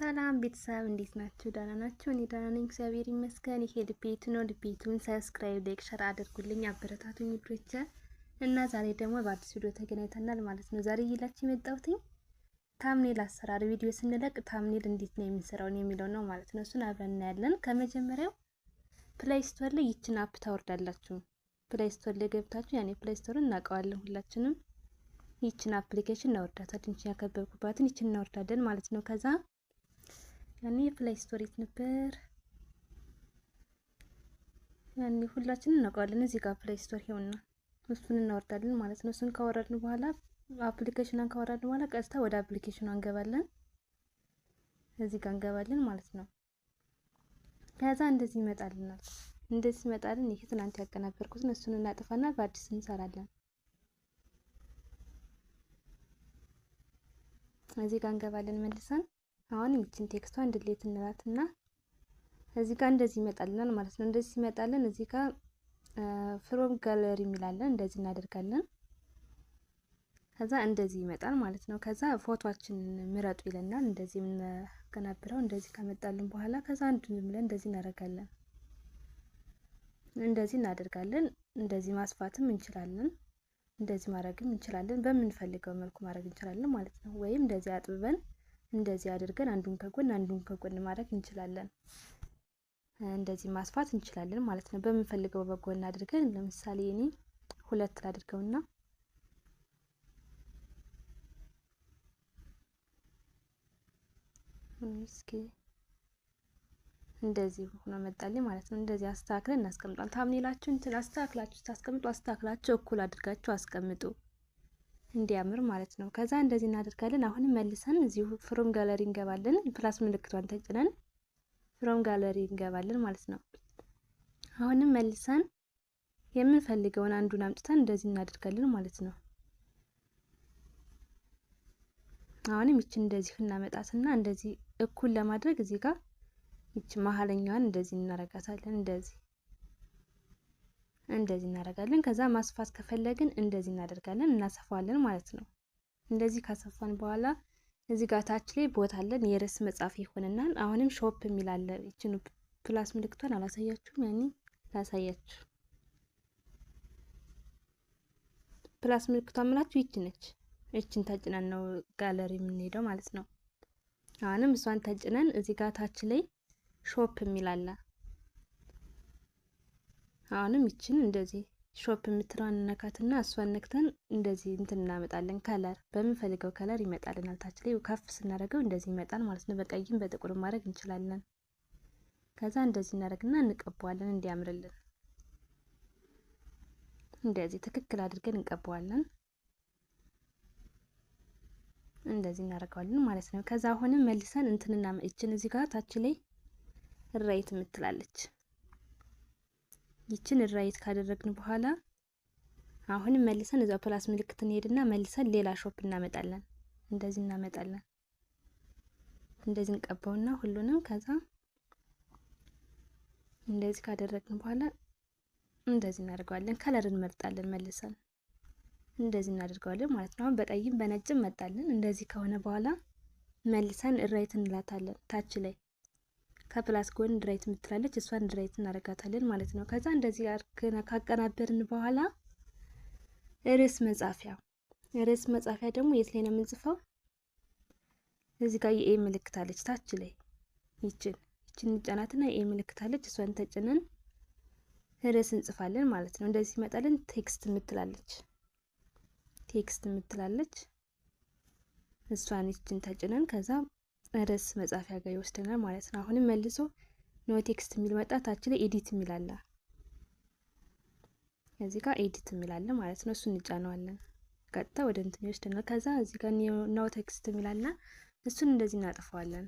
ሰላም ቤተሰብ እንዴት ናችሁ? ደህና ናችሁ? እኔ ደህና ነኝ፣ እግዚአብሔር ይመስገን። ይሄ ልቤቱ ነው። ልቤቱን ሰብስክራይብ፣ ላይክ፣ ሸር አድርጉልኝ፣ አበረታቱኝ ውዶቼ። እና ዛሬ ደግሞ በአዲስ ቪዲዮ ተገናኝተናል ማለት ነው። ዛሬ ይላችሁ የመጣሁትኝ ታምኔል አሰራር ቪዲዮ ስንለቅ ታምኔል እንዴት ነው የምንሰራው የሚለው ነው ማለት ነው። እሱን አብረን እናያለን። ከመጀመሪያው ፕላይ ስቶር ላይ ይችን አፕ ታወርዳላችሁ። ፕላይ ስቶር ላይ ገብታችሁ ያኔ ፕላይ ስቶርን እናውቀዋለን ሁላችንም። ይችን አፕሊኬሽን እናወርዳታለን። ይችን ያከበብኩባትን ይችን እናወርዳለን ማለት ነው ከዛ ያኔ ፕሌይ ስቶሪት ነበር። ያኔ ሁላችንም እናውቀዋለን። እዚህ ጋር ፕላይ ስቶር ይኸውና፣ እሱን እናወርዳለን ማለት ነው። እሱን ካወረድን በኋላ አፕሊኬሽኗን ካወረድን በኋላ ቀጥታ ወደ አፕሊኬሽኗ እንገባለን። እዚህ ጋር እንገባለን ማለት ነው። ከዛ እንደዚህ ይመጣልናል። እንደዚህ ይመጣልን። ይሄ ትናንት ያቀናበርኩትን እሱን እናጥፋና በአዲስ እንሰራለን። እዚህ ጋር እንገባለን መልሰን አሁን ይችን ቴክስቷን ድሌት እንላትና እዚህ ጋር እንደዚህ ይመጣልናል ማለት ነው። እንደዚህ ሲመጣልን እዚህ ጋር ፍሮም ጋለሪ የሚላለን እንደዚህ እናደርጋለን። ከዛ እንደዚህ ይመጣል ማለት ነው። ከዛ ፎቶአችንን ምረጡ ይለናል። እንደዚህ የምናቀናብረው እንደዚህ ከመጣልን በኋላ ከዛ አንዱን ብለን እንደዚህ እናደርጋለን። እንደዚህ እናደርጋለን። እንደዚህ ማስፋትም እንችላለን። እንደዚህ ማድረግም እንችላለን። በምንፈልገው መልኩ ማድረግ እንችላለን ማለት ነው። ወይም እንደዚህ አጥብበን እንደዚህ አድርገን አንዱን ከጎን አንዱን ከጎን ማድረግ እንችላለን። እንደዚህ ማስፋት እንችላለን ማለት ነው። በምንፈልገው በጎን አድርገን ለምሳሌ እኔ ሁለት ላድርገውና እስኪ እንደዚህ ሆኖ መጣልኝ ማለት ነው። እንደዚህ አስተካክለን እናስቀምጣለን። ታምኔላችሁ እንትን አስተካክላችሁ ታስቀምጡ፣ አስተካክላችሁ እኩል አድርጋችሁ አስቀምጡ። እንዲያምር ማለት ነው። ከዛ እንደዚህ እናደርጋለን። አሁንም መልሰን እዚሁ ፍሮም ጋለሪ እንገባለን። ፕላስ ምልክቷን ተጭነን ፍሮም ጋለሪ እንገባለን ማለት ነው። አሁንም መልሰን የምንፈልገውን አንዱን አምጥተን እንደዚህ እናደርጋለን ማለት ነው። አሁንም ይችን እንደዚህ እናመጣትና እንደዚህ እኩል ለማድረግ እዚህ ጋር ይች መሀለኛዋን እንደዚህ እናረጋታለን እንደዚህ እንደዚህ እናደርጋለን። ከዛ ማስፋት ከፈለግን እንደዚህ እናደርጋለን፣ እናሰፋዋለን ማለት ነው። እንደዚህ ካሰፋን በኋላ እዚህ ጋር ታች ላይ ቦታ አለን፣ የርዕስ መጻፍ ይሆንናል። አሁንም ሾፕ የሚል አለ። ይችን ፕላስ ምልክቷን አላሳያችሁም፣ ያኔ ላሳያችሁ። ፕላስ ምልክቷን ምላችሁ ይች ነች። ይችን ተጭነን ነው ጋለሪ የምንሄደው ማለት ነው። አሁንም እሷን ተጭነን እዚህ ጋር ታች ላይ ሾፕ የሚል አለ አሁንም ይችን እንደዚህ ሾፕ የምትለዋን ነካትና እሷን ነክተን እንደዚህ እንትን እናመጣለን። ከለር በምንፈልገው ከለር ይመጣልናል። ታች ላይ ከፍ ስናደርገው እንደዚህ ይመጣል ማለት ነው። በቀይም በጥቁር ማድረግ እንችላለን። ከዛ እንደዚህ እናደርግና እንቀበዋለን እንዲያምርልን። እንደዚህ ትክክል አድርገን እንቀበዋለን እንደዚህ እናደርገዋለን ማለት ነው። ከዛ አሁንም መልሰን እንትንና እችን እዚህ ጋር ታች ላይ ራይት የምትላለች ይችን ራይት ካደረግን በኋላ አሁንም መልሰን እዛው ፕላስ ምልክት እንሄድና መልሰን ሌላ ሾፕ እናመጣለን። እንደዚህ እናመጣለን። እንደዚህ እንቀባውና ሁሉንም ከዛ እንደዚህ ካደረግን በኋላ እንደዚህ እናደርገዋለን። ከለር እንመርጣለን። መልሰን እንደዚህ እናደርገዋለን ማለት ነው። አሁን በቀይም በነጭም መጣልን። እንደዚህ ከሆነ በኋላ መልሰን ራይት እንላታለን ታች ላይ ከፕላስ ጎን ድራይት የምትላለች እሷን ድራይት እናደርጋታለን ማለት ነው። ከዛ እንደዚህ ካቀናበርን በኋላ ርዕስ መጻፊያ ርዕስ መጻፊያ ደግሞ የት ላይ ነው የምንጽፈው? እዚህ ጋር የኤ ምልክት አለች ታች ላይ ይችን ይችን እንጫናትና የኤ ምልክት እሷን ተጭነን ርዕስ እንጽፋለን ማለት ነው። እንደዚህ ሲመጣልን ቴክስት የምትላለች ቴክስት የምትላለች እሷን ይችን ተጭነን ከዛ ርዕስ መጻፊያ ጋር ይወስደናል ማለት ነው። አሁንም መልሶ ኖ ቴክስት የሚል መጣ። ታች ላይ ኤዲት የሚል አለ። እዚህ ጋር ኤዲት የሚል አለ ማለት ነው። እሱን እንጫነዋለን። ቀጥታ ወደ እንትን ይወስደናል። ከዛ እዚህ ጋር ኖ ቴክስት የሚል አለ። እሱን እንደዚህ እናጥፈዋለን።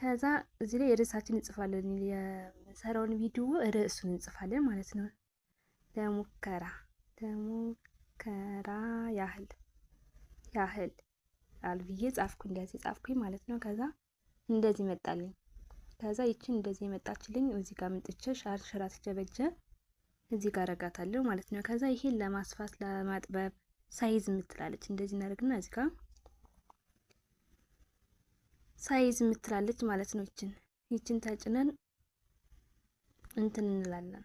ከዛ እዚህ ላይ ርዕሳችን እንጽፋለን። የሰራውን ቪዲዮ ርዕሱን እንጽፋለን ማለት ነው። ለሙከራ ለሙከራ ያህል ያህል ይፈጥራል ብዬ ጻፍኩ። እንደዚህ ጻፍኩኝ ማለት ነው። ከዛ እንደዚህ መጣልኝ። ከዛ ይችን እንደዚህ የመጣችልኝ እዚህ ጋር ምጥቼ ሻር ሽራ ተጀበጀ እዚህ ጋር አረጋታለሁ ማለት ነው። ከዛ ይሄን ለማስፋት ለማጥበብ ሳይዝ ምትላለች እንደዚህ እናደርግና እዚህ ጋር ሳይዝ ምትላለች ማለት ነው። ይችን ይችን ተጭነን እንትን እንላለን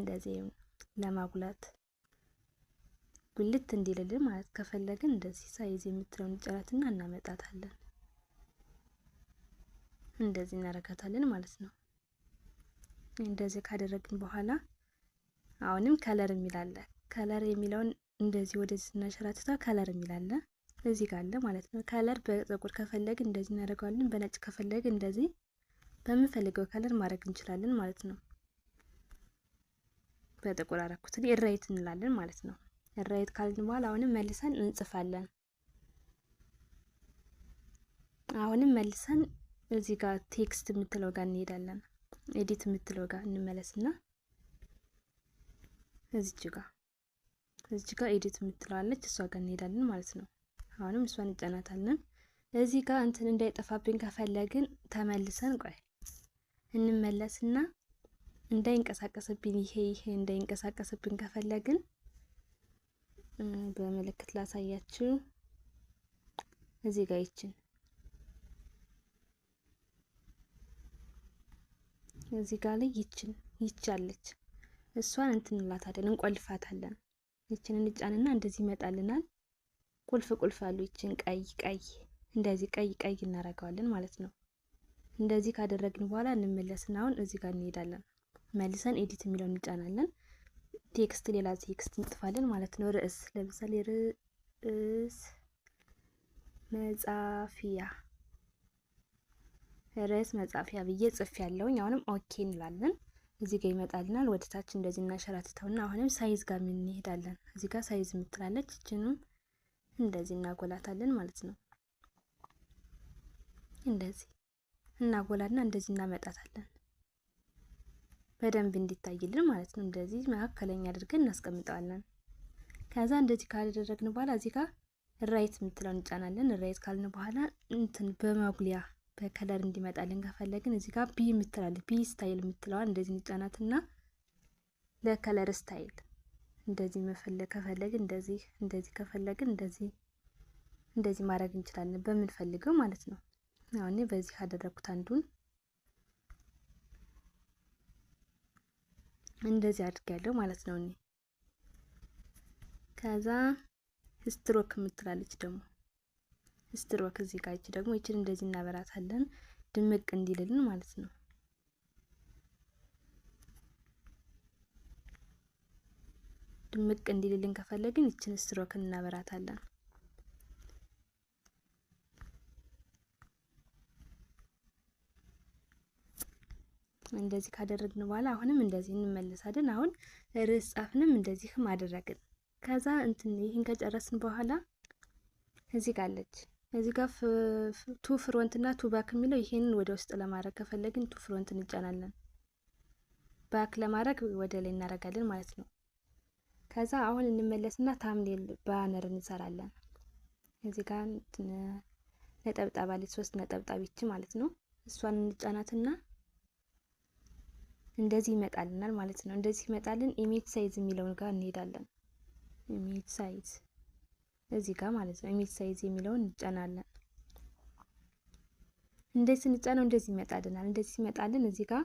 እንደዚህ ለማጉላት ጉልት እንዲልልን ማለት ከፈለግን እንደዚህ ሳይዝ የምትለውን ጨረትና እናመጣታለን። እንደዚህ እናረጋታለን ማለት ነው። እንደዚህ ካደረግን በኋላ አሁንም ከለር የሚላለ ከለር የሚለውን እንደዚህ ወደዚህ ስናሸራትታ ከለር የሚላለ እዚህ ጋር ማለት ነው። ከለር በጥቁር ከፈለግን እንደዚህ እናደርገዋለን። በነጭ ከፈለግን እንደዚህ በምንፈልገው ከለር ማድረግ እንችላለን ማለት ነው። በጥቁር አረኩትን እራይት እንላለን ማለት ነው። ራይት ካልን በኋላ አሁንም መልሰን እንጽፋለን። አሁንም መልሰን እዚህ ጋር ቴክስት የምትለው ጋር እንሄዳለን። ኤዲት የምትለው ጋር እንመለስና እዚች ጋር እዚች ጋር ኤዲት የምትለዋለች እሷ ጋር እንሄዳለን ማለት ነው። አሁንም እሷን እንጫናታለን። እዚህ ጋር እንትን እንዳይጠፋብን ከፈለግን ተመልሰን ቆይ እንመለስና እንዳይንቀሳቀስብን ይሄ ይሄ እንዳይንቀሳቀስብን ከፈለግን በምልክት ላሳያችሁ። እዚህ ጋር ይችን እዚህ ጋር ላይ ይችን ይቻለች እሷን እንትንላታለን እንቆልፋታለን። ይችን እንጫንና እንደዚህ ይመጣልናል። ቁልፍ ቁልፍ አሉ። ይችን ቀይ ቀይ እንደዚህ ቀይ ቀይ እናደርገዋለን ማለት ነው። እንደዚህ ካደረግን በኋላ እንመለስና አሁን እዚህ ጋር እንሄዳለን። መልሰን ኤዲት የሚለውን እንጫናለን። ቴክስት ሌላ ቴክስት እንጥፋለን ማለት ነው። ርዕስ ለምሳሌ ርዕስ መጻፊያ ርዕስ መጻፊያ ብዬ ጽፍ ያለውኝ አሁንም ኦኬ እንላለን። እዚህ ጋር ይመጣልናል። ወደ ታች እንደዚህ እናሸራትተውና አሁንም ሳይዝ ጋር እንሄዳለን። እዚህ ጋር ሳይዝ የምትላለች እችንም እንደዚህ እናጎላታለን ማለት ነው። እንደዚህ እናጎላና እንደዚህ እናመጣታለን። በደንብ እንዲታይልን ማለት ነው። እንደዚህ መካከለኛ አድርገን እናስቀምጠዋለን። ከዛ እንደዚህ ካደረግን በኋላ እዚህ ጋር ራይት የምትለውን እንጫናለን። ራይት ካልን በኋላ እንትን በማጉሊያ በከለር እንዲመጣልን ከፈለግን እዚህ ጋር ቢ የምትላለች ቢ ስታይል የምትለዋል እንደዚህ እንጫናትና ለከለር ስታይል እንደዚህ መፈለግ ከፈለግን እንደዚህ እንደዚህ ከፈለግን እንደዚህ እንደዚህ ማድረግ እንችላለን በምንፈልገው ማለት ነው። አሁን በዚህ ካደረግኩት አንዱን እንደዚህ አድርጊያለሁ ማለት ነው እኔ። ከዛ ስትሮክ የምትላለች ደግሞ ስትሮክ እዚህ ጋር ደግሞ ይችን እንደዚህ እናበራታለን ድምቅ እንዲልልን ማለት ነው። ድምቅ እንዲልልን ከፈለግን ይችን ስትሮክ እናበራታለን። እንደዚህ ካደረግን በኋላ አሁንም እንደዚህ እንመለሳለን። አሁን ርዕስ ጻፍንም እንደዚህም አደረግን። ከዛ እንትን ይህን ከጨረስን በኋላ እዚህ ጋር አለች። እዚህ ጋር ቱ ፍሮንት እና ቱ ባክ የሚለው ይሄንን ወደ ውስጥ ለማድረግ ከፈለግን ቱ ፍሮንት እንጫናለን። ባክ ለማድረግ ወደ ላይ እናደርጋለን ማለት ነው። ከዛ አሁን እንመለስና ታምኔል ባነር እንሰራለን። እዚህ ጋር ነጠብጣብ አለች፣ ሶስት ነጠብጣቢች ማለት ነው። እሷን እንጫናትና እንደዚህ ይመጣልናል ማለት ነው። እንደዚህ ይመጣልን ኢሜጅ ሳይዝ የሚለውን ጋር እንሄዳለን። ኢሜጅ ሳይዝ እዚህ ጋር ማለት ነው። ኢሜጅ ሳይዝ የሚለውን እንጫናለን። እንደዚህ ስንጫነው እንደዚህ ይመጣልናል። እንደዚህ ይመጣልን እዚህ ጋር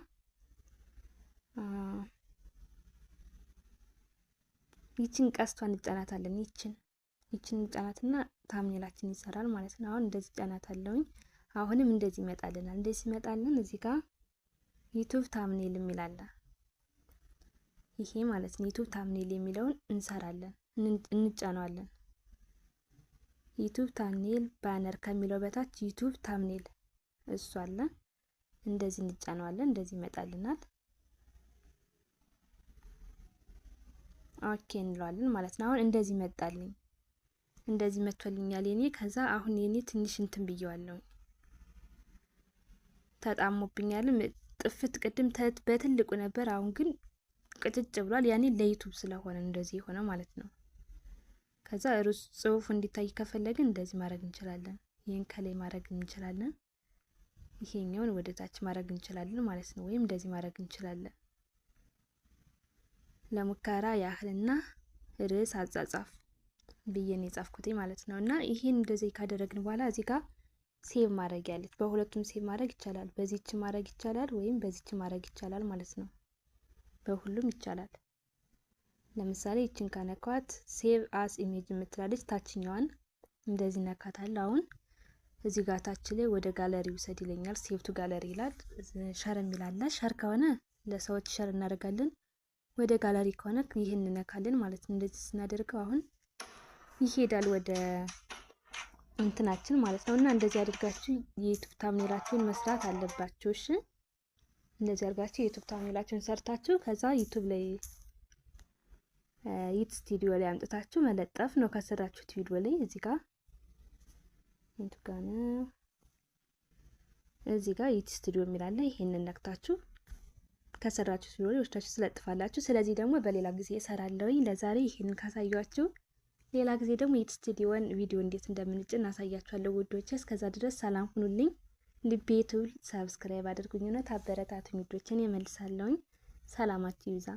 ይችን ቀስቷን እንጫናታለን። ይችን ይችን እንጫናትና ታምኔላችን ይሰራል ማለት ነው። አሁን እንደዚህ ጫናታለሁኝ። አሁንም እንደዚህ ይመጣልናል። እንደዚህ ይመጣልን እዚህ ጋር ዩቱብ ታምኔል የሚል አለ። ይሄ ማለት ነው። ዩቱብ ታምኔል የሚለውን እንሰራለን፣ እንጫነዋለን። ዩቱብ ታምኔል ባነር ከሚለው በታች ዩቱብ ታምኔል እሱ አለ። እንደዚህ እንጫነዋለን። እንደዚህ ይመጣልናል። ኦኬ እንለዋለን ማለት ነው። አሁን እንደዚህ መጣልኝ፣ እንደዚህ መጥቶልኛል የኔ። ከዛ አሁን የኔ ትንሽ እንትን ብየዋለሁ፣ ተጣሞብኛል ቅፍት ቅድም በትልቁ ነበር፣ አሁን ግን ቅጭጭ ብሏል። ያኔ ለዩቱብ ስለሆነ እንደዚህ የሆነ ማለት ነው። ከዛ ርዕስ ጽሁፍ እንዲታይ ከፈለግን እንደዚህ ማድረግ እንችላለን። ይህን ከላይ ማድረግ እንችላለን። ይሄኛውን ወደ ታች ማድረግ እንችላለን ማለት ነው። ወይም እንደዚህ ማድረግ እንችላለን። ለሙከራ ያህልና ርዕስ አጻጻፍ ብዬን የጻፍኩት ማለት ነው። እና ይህን እንደዚህ ካደረግን በኋላ እዚህ ጋር ሴቭ ማድረግ ያለች በሁለቱም ሴቭ ማድረግ ይቻላል። በዚች ማድረግ ይቻላል ወይም በዚች ማድረግ ይቻላል ማለት ነው። በሁሉም ይቻላል። ለምሳሌ ይችን ካነኳት ሴቭ አስ ኢሜጅ የምትላለች ታችኛዋን እንደዚህ ነካታለሁ። አሁን እዚህ ጋር ታች ላይ ወደ ጋለሪ ውሰድ ይለኛል። ሴቭ ቱ ጋለሪ ይላል። ሸር የሚላለ ሸር ከሆነ ለሰዎች ሸር እናደርጋለን። ወደ ጋለሪ ከሆነ ይህን እንነካለን ማለት ነው። እንደዚህ ስናደርገው አሁን ይሄዳል ወደ እንትናችን ማለት ነው። እና እንደዚህ አድርጋችሁ የዩቱብ ታምኔላችሁን መስራት አለባችሁ። እሺ እንደዚህ አድርጋችሁ የዩቱብ ታምኔላችሁን ሰርታችሁ ከዛ ዩቱብ ላይ ዩት ስቱዲዮ ላይ አምጥታችሁ መለጠፍ ነው። ከሰራችሁት ቪዲዮ ላይ እዚህ ጋር እንትን ጋር ነው እዚህ ጋር ዩት ስቱዲዮ የሚላለ ይሄንን ነክታችሁ ከሰራችሁት ቪዲዮ ላይ ወስዳችሁ ስለጥፋላችሁ። ስለዚህ ደግሞ በሌላ ጊዜ እሰራለሁኝ። ለዛሬ ይሄንን ካሳያችሁ ሌላ ጊዜ ደግሞ የስቱዲዮን ቪዲዮ እንዴት እንደምንጭ እናሳያችኋለሁ ውዶች። እስከዛ ድረስ ሰላም ሁኑልኝ። ልቤቱ ሰብስክራይብ አድርጉኝ። እውነት አበረታቱ ውዶችን። እመልሳለሁኝ። ሰላማችሁ ይብዛ።